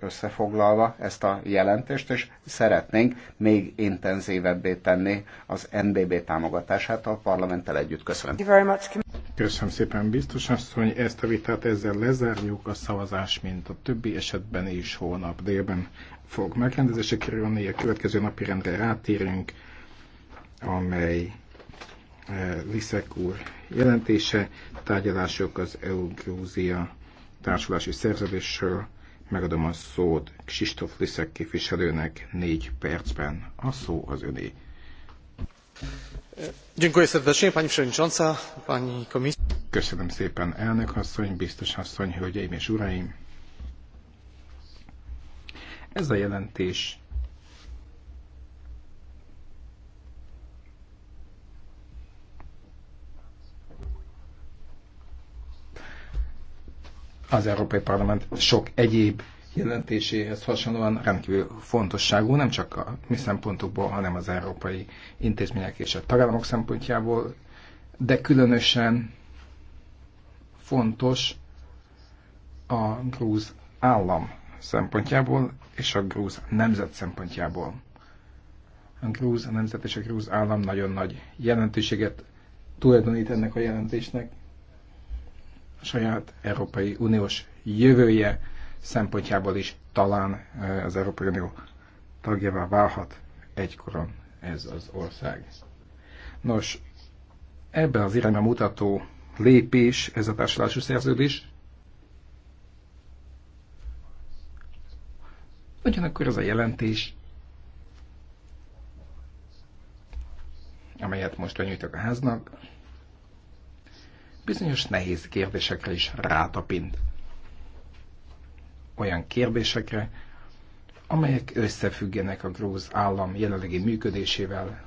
összefoglalva ezt a jelentést, és szeretnénk még intenzívebbé tenni az NBB támogatását a parlamenttel együtt. Köszönöm. Köszönöm szépen, biztos asszony. Ezt a vitát ezzel lezárjuk. A szavazás, mint a többi esetben is holnap délben fog megrendezésre kerülni. A következő napi rendre rátérünk, amely eh, Liszek úr jelentése, tárgyalások az EU-Grúzia társulási szerződésről megadom a szót Kristóf Liszek képviselőnek négy percben. A szó az öné. Köszönöm szépen, elnök asszony, biztos asszony, hölgyeim és uraim! Ez a jelentés az Európai Parlament sok egyéb jelentéséhez hasonlóan rendkívül fontosságú, nem csak a mi szempontokból, hanem az európai intézmények és a tagállamok szempontjából, de különösen fontos a grúz állam szempontjából és a grúz nemzet szempontjából. A grúz nemzet és a grúz állam nagyon nagy jelentőséget tulajdonít ennek a jelentésnek, saját Európai Uniós jövője szempontjából is talán eh, az Európai Unió tagjává válhat egykoron ez az ország. Nos, ebben az irányban mutató lépés ez a társulási szerződés. Ugyanakkor ez a jelentés, amelyet most benyújtok a háznak, bizonyos nehéz kérdésekre is rátapint. Olyan kérdésekre, amelyek összefüggenek a grúz állam jelenlegi működésével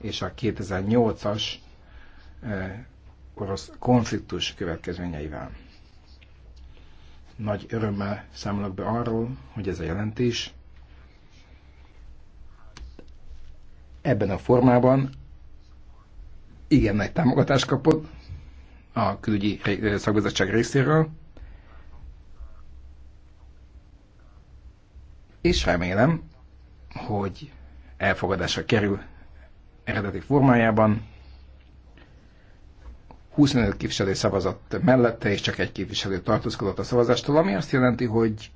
és a 2008-as eh, orosz konfliktus következményeivel. Nagy örömmel számolok be arról, hogy ez a jelentés ebben a formában igen nagy támogatást kapott, a külügyi eh, szakbizottság részéről. És remélem, hogy elfogadásra kerül eredeti formájában. 25 képviselő szavazott mellette, és csak egy képviselő tartózkodott a szavazástól, ami azt jelenti, hogy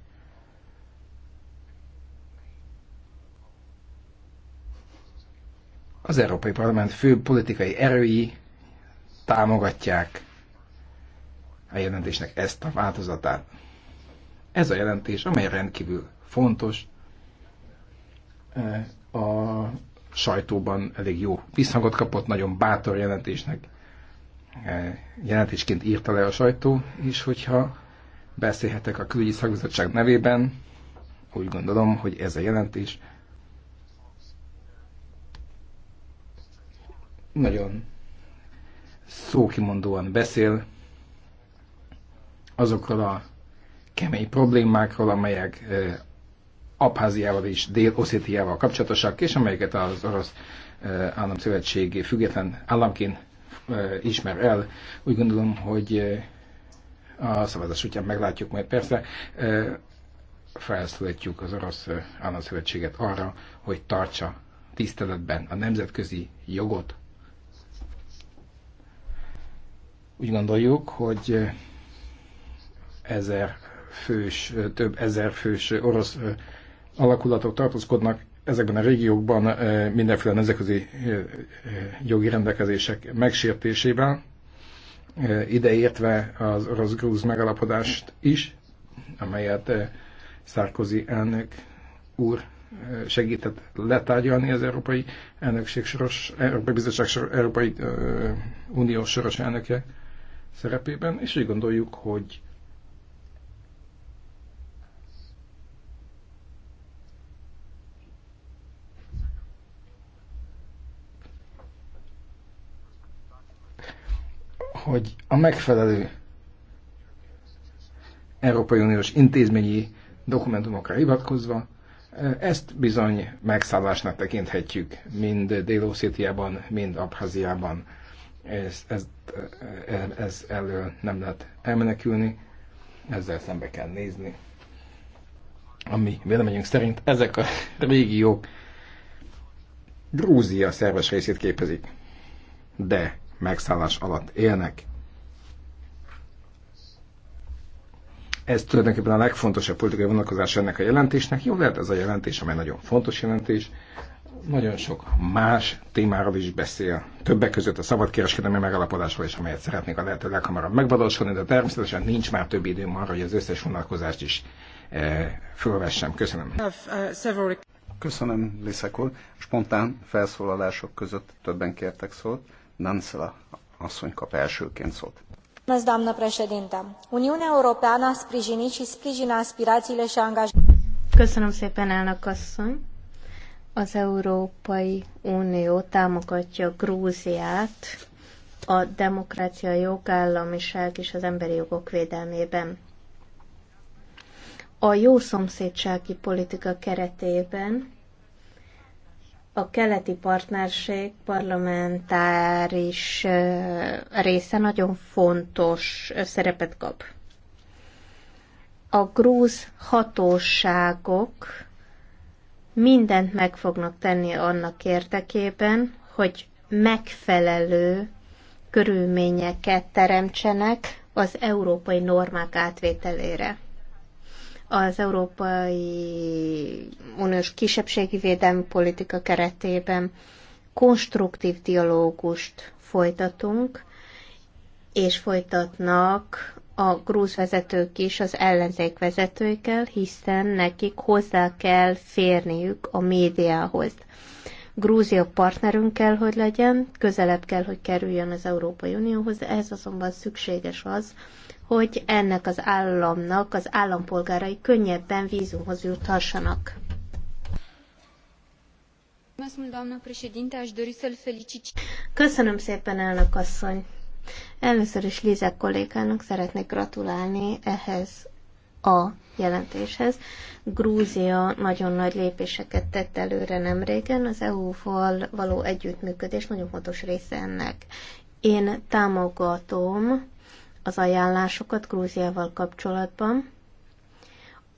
az Európai Parlament fő politikai erői támogatják a jelentésnek ezt a változatát. Ez a jelentés, amely rendkívül fontos, e, a sajtóban elég jó visszhangot kapott, nagyon bátor jelentésnek e, jelentésként írta le a sajtó, és hogyha beszélhetek a külügyi szakbizottság nevében, úgy gondolom, hogy ez a jelentés nagyon szókimondóan beszél azokról a kemény problémákról, amelyek Abháziával és Dél-Oszétiával kapcsolatosak, és amelyeket az orosz államszövetség független államként ismer el. Úgy gondolom, hogy a szavazás útján meglátjuk majd persze, felszólítjuk az orosz államszövetséget arra, hogy tartsa tiszteletben a nemzetközi jogot. Úgy gondoljuk, hogy ezer fős, több ezer fős orosz alakulatok tartózkodnak ezekben a régiókban mindenféle nemzetközi jogi rendelkezések megsértésében, ideértve az orosz-grúz megalapodást is, amelyet Szárkozi elnök úr segített letárgyalni az Európai Elnökség soros, Európai Bizottság soros, Európai Unió soros elnöke szerepében, és úgy gondoljuk, hogy hogy a megfelelő Európai Uniós intézményi dokumentumokra hivatkozva ezt bizony megszállásnak tekinthetjük, mind dél mind Abháziában. Ez, ez, ez elől nem lehet elmenekülni, ezzel szembe kell nézni. Ami véleményünk szerint ezek a régiók Grúzia szerves részét képezik. De megszállás alatt élnek. Ez tulajdonképpen a legfontosabb politikai vonatkozás ennek a jelentésnek. Jó lehet ez a jelentés, amely nagyon fontos jelentés. Nagyon sok más témáról is beszél. Többek között a szabadkereskedelmi megalapodásról is, amelyet szeretnék a lehető leghamarabb megvalósulni, de természetesen nincs már több időm arra, hogy az összes vonatkozást is e, eh, fölvessem. Köszönöm. Eh, Köszönöm, Liszek úr. Spontán felszólalások között többen kértek szót. Danszela asszony kap elsőként szót. Doamnă președintă, Uniunea Europeană a sprijinit și sprijină aspirațiile și angajările. Köszönöm szépen, elnök asszony. Az Európai Unió támogatja Grúziát a demokrácia, jogállamiság és az emberi jogok védelmében. A jó szomszédsági politika keretében a keleti partnerség parlamentáris része nagyon fontos szerepet kap. A grúz hatóságok mindent meg fognak tenni annak érdekében, hogy megfelelő körülményeket teremtsenek az európai normák átvételére az Európai Uniós Kisebbségi Védelmi Politika keretében konstruktív dialógust folytatunk, és folytatnak a grúz vezetők is az ellenzék vezetőikkel, hiszen nekik hozzá kell férniük a médiához. Grúzia partnerünk kell, hogy legyen, közelebb kell, hogy kerüljön az Európai Unióhoz, ehhez azonban szükséges az, hogy ennek az államnak az állampolgárai könnyebben vízumhoz juthassanak. Köszönöm szépen, elnök asszony! Először is Lizek kollégának szeretnék gratulálni ehhez a jelentéshez. Grúzia nagyon nagy lépéseket tett előre nemrégen, az EU-val való együttműködés nagyon fontos része ennek. Én támogatom az ajánlásokat Grúziával kapcsolatban,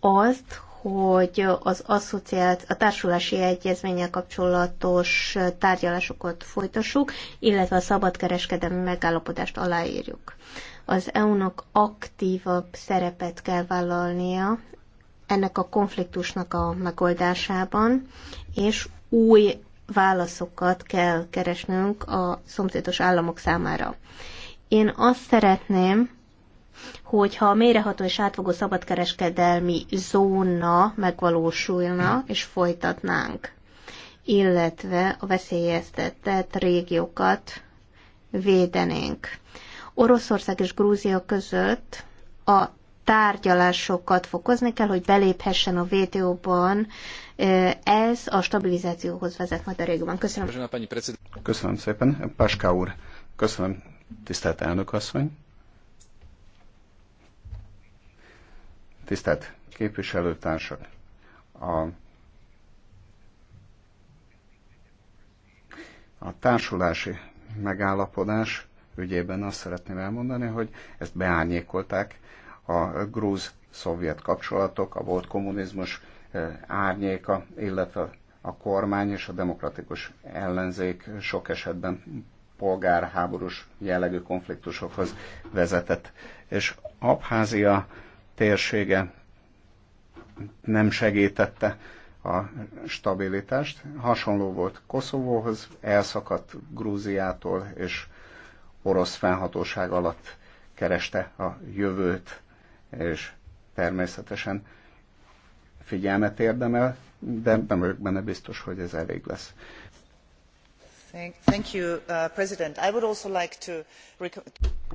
azt, hogy az asszociált, a társulási egyezménnyel kapcsolatos tárgyalásokat folytassuk, illetve a szabadkereskedelmi megállapodást aláírjuk. Az EU-nak aktívabb szerepet kell vállalnia ennek a konfliktusnak a megoldásában, és új válaszokat kell keresnünk a szomszédos államok számára. Én azt szeretném, hogyha a mélyreható és átfogó szabadkereskedelmi zóna megvalósulna és folytatnánk, illetve a veszélyeztetett régiókat védenénk. Oroszország és Grúzia között a tárgyalásokat fokozni kell, hogy beléphessen a WTO-ban. Ez a stabilizációhoz vezet majd a régióban. Köszönöm. Köszönöm szépen. Páska úr, köszönöm Tisztelt elnök asszony! Tisztelt képviselőtársak! A, a társulási megállapodás ügyében azt szeretném elmondani, hogy ezt beárnyékolták a grúz-szovjet kapcsolatok, a volt kommunizmus eh, árnyéka, illetve a kormány és a demokratikus ellenzék sok esetben polgárháborús jellegű konfliktusokhoz vezetett. És Abházia térsége nem segítette a stabilitást. Hasonló volt Koszovóhoz, elszakadt Grúziától, és orosz fennhatóság alatt kereste a jövőt, és természetesen figyelmet érdemel, de nem vagyok benne biztos, hogy ez elég lesz.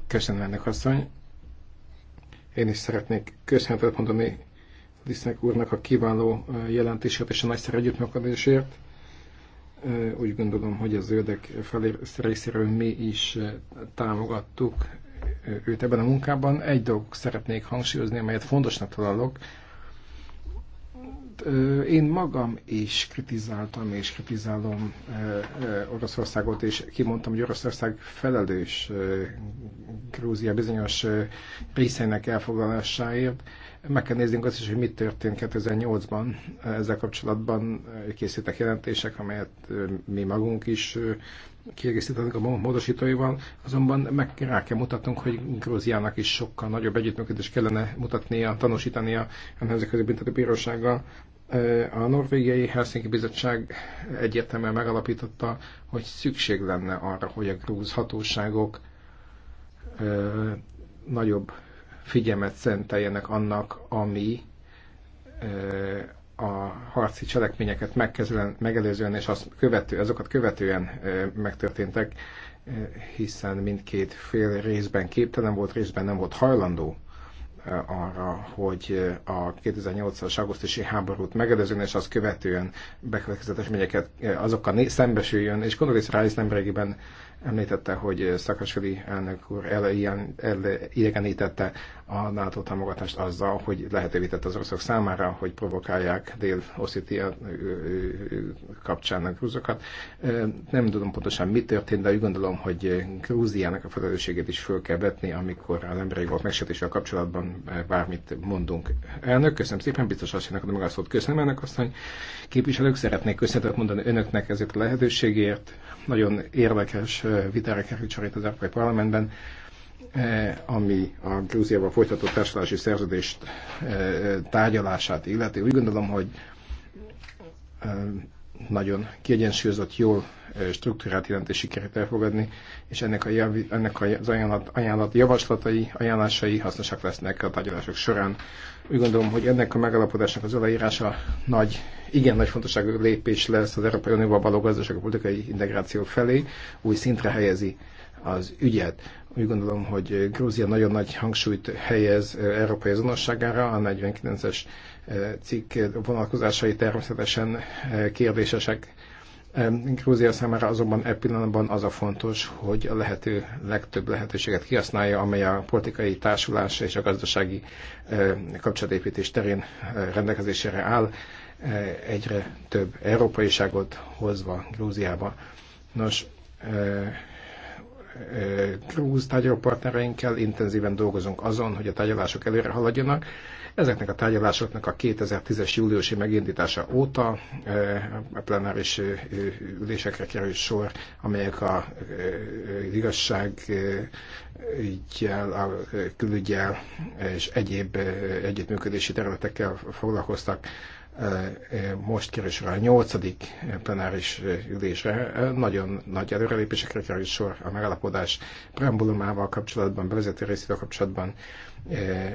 Köszönöm ennek asszony. Én is szeretnék köszönetet mondani Lisznek úrnak a kiváló uh, jelentésért és a nagyszerű együttműködésért. Uh, úgy gondolom, hogy az zöldek felé részéről mi is uh, támogattuk őt ebben a munkában. Egy dolgot szeretnék hangsúlyozni, amelyet fontosnak találok, Hát, én magam is kritizáltam és kritizálom Oroszországot, és kimondtam, hogy Oroszország felelős Grúzia bizonyos részeinek elfoglalásáért, meg kell néznünk azt is, hogy mit történt 2008-ban. Ezzel kapcsolatban eh, készítek jelentések, amelyet eh, mi magunk is eh, kiegészítettünk a módosítóival, azonban meg rá kell mutatnunk, hogy Gróziának is sokkal nagyobb együttműködést kellene mutatnia, tanúsítania a Nemzetközi Bírósággal. a norvégiai Helsinki Bizottság egyértelműen megalapította, hogy szükség lenne arra, hogy a grúz hatóságok nagyobb figyelmet szenteljenek annak, ami a harci cselekményeket megelőzően és azt követő, azokat követően megtörténtek, hiszen mindkét fél részben képtelen volt, részben nem volt hajlandó arra, hogy a 2008-as augusztusi háborút megelőzően és azt követően bekövetkezett eseményeket azokkal szembesüljön, és Condoleezza Rice nemrégiben Említette, hogy Szakasvili elnök úr idegenítette a NATO támogatást azzal, hogy lehetővé tette az oroszok számára, hogy provokálják Dél-Oszitia kapcsán a grúzokat. Nem tudom pontosan mi történt, de úgy gondolom, hogy Grúziának a felelősségét is föl kell vetni, amikor az emberi volt megsértéssel kapcsolatban bármit mondunk. Elnök, köszönöm szépen, biztos azt jönnek meg a Köszönöm elnök asszony. Képviselők, szeretnék köszönetet mondani önöknek ezért a lehetőségért. Nagyon érdekes vitára került sor itt az Európai Parlamentben, eh, ami a Grúziával folytatott társulási szerződést eh, tárgyalását illeti. Úgy gondolom, hogy eh, nagyon kiegyensúlyozott, jól struktúrált jelentést sikerült elfogadni, és ennek, a javi, ennek az ajánlat, ajánlat javaslatai, ajánlásai hasznosak lesznek a tárgyalások során. Úgy gondolom, hogy ennek a megalapodásnak az aláírása nagy, igen nagy fontosságú lépés lesz az Európai Unióval való gazdaságpolitikai integráció felé, új szintre helyezi az ügyet. Úgy gondolom, hogy Grúzia nagyon nagy hangsúlyt helyez eh, európai azonosságára, a 49-es eh, cikk vonalkozásai természetesen eh, kérdésesek. Grúzia számára azonban e pillanatban az a fontos, hogy a lehető legtöbb lehetőséget kihasználja, amely a politikai társulás és a gazdasági kapcsolatépítés terén rendelkezésére áll, egyre több európaiságot hozva Grúziába. Nos, Grúz tárgyalópartnereinkkel intenzíven dolgozunk azon, hogy a tárgyalások előre haladjanak. Ezeknek a tárgyalásoknak a 2010-es júliusi megindítása óta e, a plenáris e, ülésekre kerül sor, amelyek a e, igazság ügyjel, a külügyel és egyéb együttműködési területekkel foglalkoztak most kerül a nyolcadik plenáris ülésre. Nagyon nagy előrelépésekre került sor a megállapodás preambulumával kapcsolatban, bevezető részével kapcsolatban,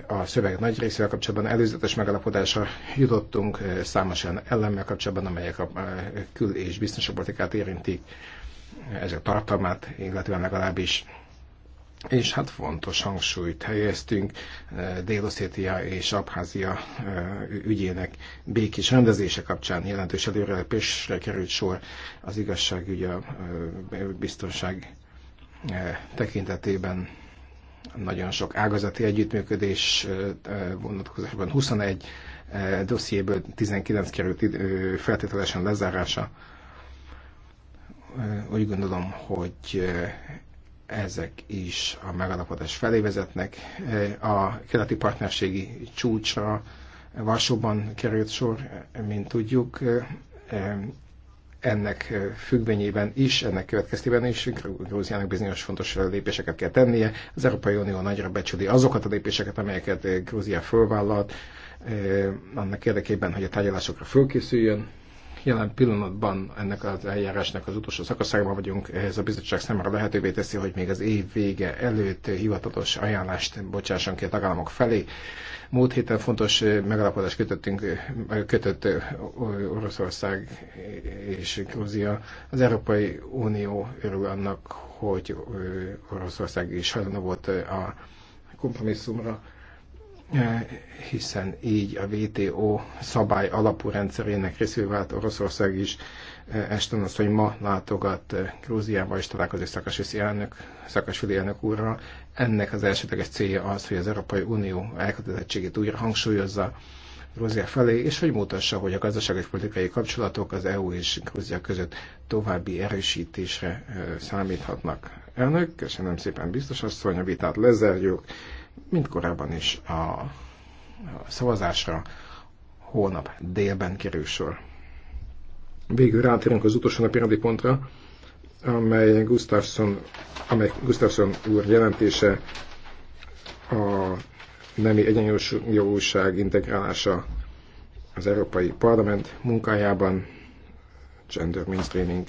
a szöveg nagy részével kapcsolatban előzetes megállapodásra jutottunk számos olyan ellenmel kapcsolatban, amelyek a kül- és biztonságpolitikát érintik, ezek tartalmát, illetve legalábbis és hát fontos hangsúlyt helyeztünk eh, dél és Abházia eh, ügyének békés rendezése kapcsán jelentős előrelepésre került sor az igazságügy a eh, biztonság tekintetében nagyon sok ágazati együttműködés vonatkozásban 21 dossziéből 19 került feltételesen lezárása. Úgy gondolom, hogy ezek is a megalapodás felé vezetnek. A keleti partnerségi csúcsra Varsóban került sor, mint tudjuk, ennek függvényében is, ennek következtében is Grúziának bizonyos fontos lépéseket kell tennie. Az Európai Unió nagyra becsüli azokat a lépéseket, amelyeket Grúzia fölvállalt, annak érdekében, hogy a tárgyalásokra fölkészüljön, Jelen pillanatban ennek az eljárásnak az utolsó szakaszában vagyunk, ez a bizottság számára lehetővé teszi, hogy még az év vége előtt hivatalos ajánlást bocsásson ki a tagállamok felé. Múlt héten fontos megalapodást kötöttünk, kötött Oroszország és Grúzia. Az Európai Unió örül annak, hogy Oroszország is hajlandó volt a kompromisszumra E, hiszen így a WTO szabály alapú rendszerének részül vált Oroszország is. E, Eston az, hogy ma látogat e, Grúziába és találkozik Szakasvili elnök, Szakasvili elnök úrral. Ennek az elsődleges célja az, hogy az Európai Unió elkötelezettségét újra hangsúlyozza Grúzia felé, és hogy mutassa, hogy a gazdaság és politikai kapcsolatok az EU és Grúzia között további erősítésre számíthatnak. Elnök, köszönöm szépen biztos asszony, a vitát lezárjuk mint korábban is a szavazásra holnap délben kerül sor. Végül rátérünk az utolsó napi pontra, amely Gustafsson, amely Gustafsson úr jelentése a nemi egyenjogúság integrálása az Európai Parlament munkájában, gender mainstreaming